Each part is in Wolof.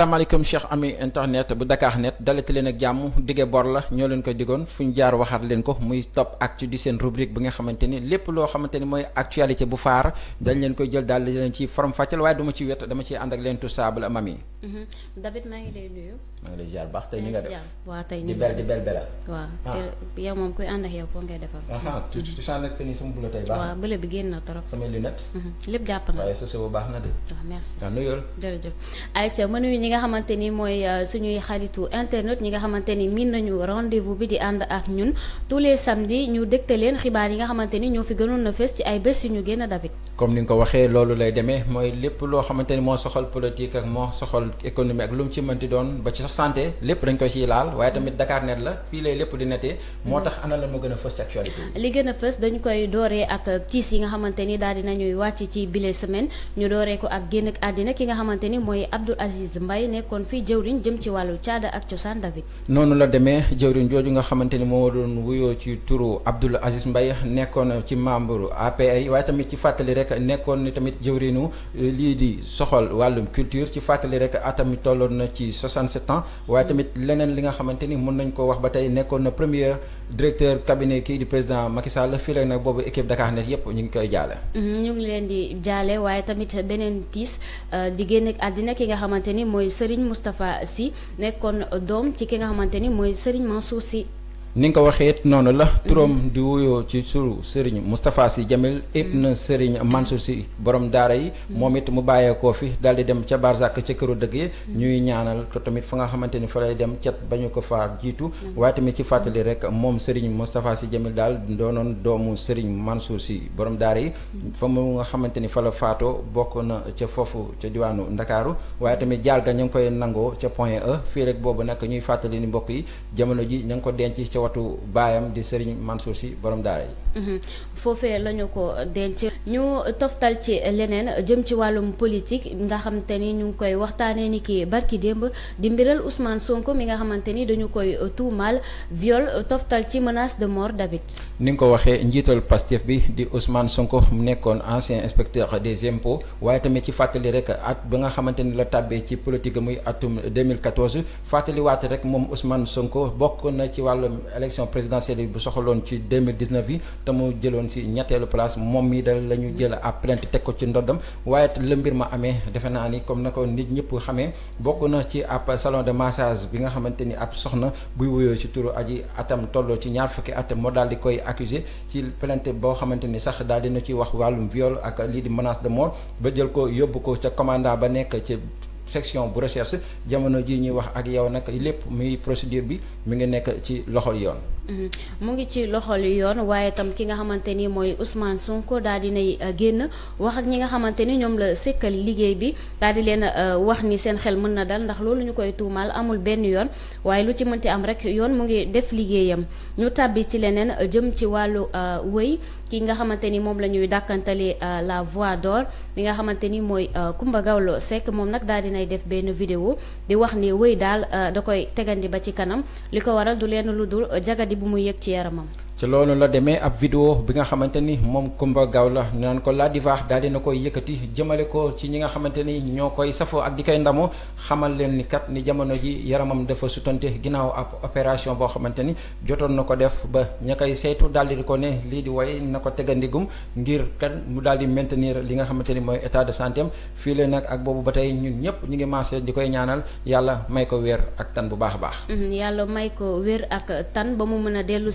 asalaamaaleykum cheikh ami internet bu Dakar net dalati leen ak jàmm dige bor la ñoo leen ko digoon fu ñu jaar waxaat leen ko muy top actu di seen rubrique bi nga xamante ni lépp loo xamante ni mooy actualité lépp jàpp na waaye sa bu baax na de. waaw merci waaw ah, nuyoo. nga xamante ni mooy euh, suñuy xaritu internet ñi nga xamante ni miin nañu rendez-vous bi di ànd ak ñun tous les samedis ñu dégte leen xibaar yi nga xamante ni ñoo fi gënoon na fees ci ay bés yu ñu génn David. comme ni nga ko waxee loolu lay demee mooy lépp loo xamante ni moo soxal politique ak moo soxal économie ak lu mu doon ba ci sax santé lépp dañ ko ciy laal waaye tamit Dakar la lépp di netee moo tax ana la moo gën a fës a fës ni daal dinañuy wàcc ci bile semaine ñu dooree ko ak génn ak àddina ki nga xamante ni mooy Abdoul Aziz Mbaye Faye nekkoon fii jëwriñ jëm ci wàllu caada ak cosaan David. noonu la demee jëwriñ jooju nga xamante ni moo doon wuyoo ci turu Abdoul Aziz Mbaye nekkoon ci membre API waaye tamit ci fàttali rek nekkoon ni tamit jëwriñu eh, lii di soxal wàllum culture ci fàttali rek atam tolloon na ci 67 ans waaye tamit leneen li nga xamante ni mën nañ ko wax ba tey nekkoon na premier directeur cabinet kii di président Macky Sall fii rek nag boobu équipe Dakar Net yëpp ñu ngi Serigne Moustapha si nekkoon doom ci ki nga xamante ni mooy Serigne Mansour si ni nga ko waxee it noonu la mhm. turam di wuyoo ci suru Serigne Moustapha Sy Jamil ibn mhm. Serigne Mansour Sy borom daara yi mhm. moom it mu bàyyeekoo fi daal di dem ca Barzak ca këru dëgg yi ñuy ñaanal ko tamit fa nga xamante ni fa lay dem cet ba ñu ko faa jiitu waaye tamit ci fàttali rek moom Serigne Moustapha Sy Jamil daal doonoon doomu Serigne Mansour Sy borom daara yi fa mu nga xamante ni fa la faatoo bokk na ca foofu ca diwaanu Ndakaaru waaye tamit jaal ga ñu ngi koy nangoo ca Point E fii rek boobu nag ñuy fàttali ni mbokk yi jamono ji ñu ngi ko denc watu baayam di Serigne Mansour Sy borom daara yi. Mhm. foofee la ñu ko denc. ñu toftal ci leneen jëm ci wàllum politique nga xamante ñu ngi koy waxtaanee ni ki barki démb di mbiral Ousmane Sonko mi nga xamante ni dañu koy tuumaal viol toftal ci menace de mort David. ni nga ko waxee njiital Pastef bi di Ousmane Sonko mu nekkoon ancien inspecteur des impôts waaye tamit ci fàttali rek at ba nga xamante la tàbbee ci politique muy atum 2014 fàttaliwaat rek moom Ousmane Sonko élection présidentielle bu soxaloon ci deux mille dix neuf yi te mu jëloon si ñetteelu place moom mii da la ñu jël à plainte teg ko ci ndoddam waaye la mbir ma amee defe naa ni comme na ko nit ñëpp xamee bokk na ci ab salon de massage bi nga xamante ni ab soxna buy wuyoo ci turu aji atam tolloo ci ñaar fukki at moo daal di koy accusé ci plainte boo xamante ni sax daal dina ci wax wàllum viol ak lii di menace de mort ba jël ko yóbbu ko ca commanda ba nekk ci section bu recherche jamono ji ñuy wax ak yow nag lépp muy procédure bi mi ngi nekk ci loxol yoon Mhm. mu ngi ci loxol yoon waaye tam ki nga xamante ni mooy Ousmane Sonko daal di nay euh, génn wax ak ñi nga xamante ni ñoom la sekkal liggéey bi daal di leen euh, wax ni seen xel mën na dal ndax loolu ñu koy tuumaal amul benn yoon waaye lu ci mënti am rek yoon mu ngi def liggéeyam ñu tàbbi ci leneen euh, jëm ci wàllu wëy ki nga xamante ni moom la ñuy dàkkantale la voix d'or mi nga xamante ni mooy Kumba Gawlo Seck moom nag daal di nay def benn vidéo di wax ni wëy daal da koy tegandi ba ci kanam li ko waral du leen lu dul jagadi bu mu yëg ci yaramam ci loolu la demee ab vidéo bi nga xamante ni moom Kumba Gawla naan ko la diva daal dina koy yëkkati jëmale ko ci ñi nga xamante ni ñoo koy safoo ak di koy ndamoo xamal boo xamante ni jotoon na ko def ba ña koy saytu daal di ko ne lii di way na ko tegandigum ngir kan mu daal di maintenir li nga xamante ni mooy état de santé am fii leen ak boobu ba tey ñun ñëpp ñu ngi maase di koy ñaanal yàlla may ko wér ak tan bu baax a baax. Mm-hmm, yàlla may ko wér ak tan ba mu mën a dellu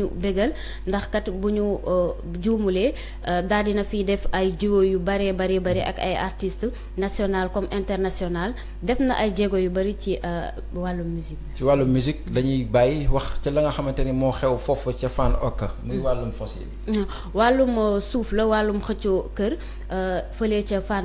ñu bégal ndax kat bu ñu euh, juumulee euh, daal dina fi def ay duo yu bëree bëri bëri ak ay artistes national comme international def na ay jéego yu bëri ci euh, wàllu musique ci wàllu musique dañuy bàyyi wax ca la nga xamante ni moo xew foofu ca fan okka mm. mm. suuf la wàllum xëccoo kër fële ca fan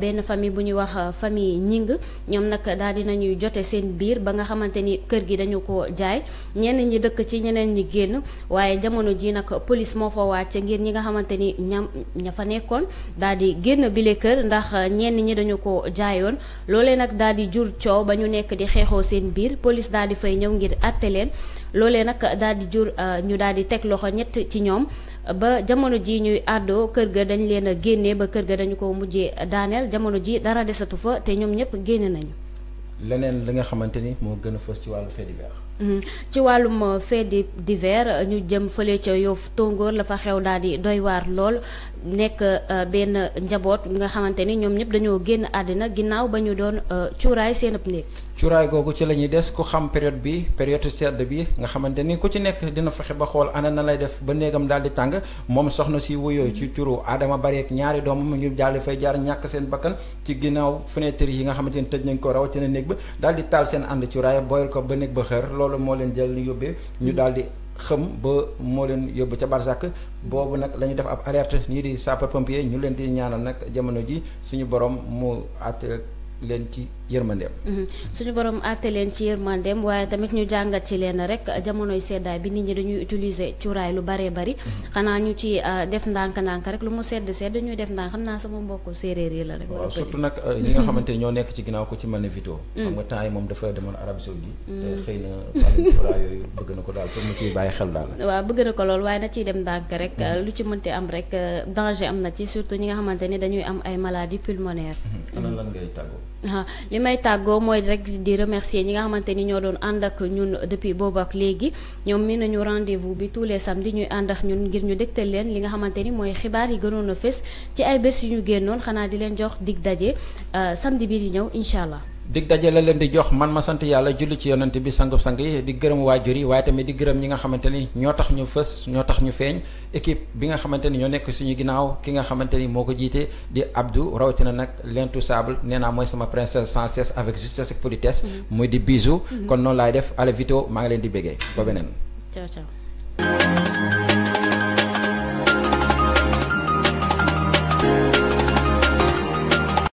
benn famille bu ñuy wax fami ñing ñoom nag daal ñuy jote seen biir ba nga xamante ni kër gi dañu ko jaay ñenn ñi dëkk ci ñeneen ñi génn waaye jamono ji nag police moo fa wàcc ngir ñi nga xamante ni ñam ña fa nekkoon daal di génn bile kër ndax ñenn ñi dañu ko jaayoon loolee nag daal di jur coow ba ñu nekk di xeexoo seen biir police daal di fay ñëw ngir àtte leen loolee nag daal di jur euh, ñu daal di teg loxo ñett ci ñoom ba jamono ji ñuy àddoo kër ga dañ leen a génnee ba kër ga dañu ko mujjee daaneel jamono ji dara desatu fa te ñoom ñëpp génne nañu leneen li nga xamante ni moo gën a fës ci wàllu Mhm. ci wàllum euh, fait divers euh, ñu jëm fële ca yow Tóngoor la fa xew daal di doy waar lool nekk euh, benn njaboot nga xamante ni ñoom ñëpp dañoo génn àddina ginnaaw ba ñu doon cuuraay seen ab néeg cuuraay googu ci la ñuy des ku xam période bi période sedd bi nga xamante ni ku ci nekk dina fexe ba xool ana na lay def ba néegam daal di tàng moom soxna si wuyoo ci turu Adama Bari ak ñaari doomam ñu daal di fay jaar ñàkk seen bakkan ci ginnaaw fenêtre yi nga xamante ni tëj nañ ko rawatina néeg daal di taal ànd cuuraay booyal ko ba néeg ba loolu moo leen jël yóbbee ñu mm. daal di xam ba moo leen yóbbu ca barzak boobu nag la ñu def ab alerte ñii di sapeur pompier ñu leen di ñaanal nag jamono ji suñu borom mu at leen ci yërmandeem. Mhm. suñu borom àtte leen ci yërmandeem waaye tamit ñu jàngat ci leen rek jamonoy seddaay bi nit ñi dañuy utiliser cuuraay lu baree bari. Mhm. xanaa ñu ci euh, def ndànk-ndànk rek lu mu sedd sedd ñuy def ndànk xam naa sama mbokk séeréer yi la rek. waaw surtout nag euh, ñi mhm. ñoo nekk ci ko ci mel ne Vito. xam nga temps yi moom na ko daal pour mu bëgg na ko lool waaye na ciy dem ndànk rek lu ci mënti am rek euh, danger am na ci surtout ñi nga xamante ni dañuy am ay maladie pulmonaire ana lan li may tàggoo mooy rek di remercier ñi nga xamante ni ñoo doon ànd ak ñun depuis boobu ak léegi ñoom mi nañu rendez-vous bi tous les samedi ñuy ànd ak ñun ngir ñu dégtal leen li nga xamante ni mooy xibaar yi gënoon a fës ci ay bés yu ñu génnoon xanaa di leen jox dig daje euh, samedi bi yi ñëw incha allah. dig daje la leen di jox man ma sant yàlla julli ci yonent bi sangu-sang yi di gërëm waajur yi waaye tamit di gërëm ñi nga xamante ni ñoo tax ñu fës ñoo tax ñu feeñ équipe bi nga xamante ni ñoo nekk suñu ginnaaw ki nga xamante ni moo ko jiite di Abdou rawatina nag l'intouchable nee naa mooy sama princesse sans cesse avec justesse ak politesse. Mm-hmm. muy di bisou. Mm-hmm. kon noonu laay def à maa ngi leen di béggee ba beneen.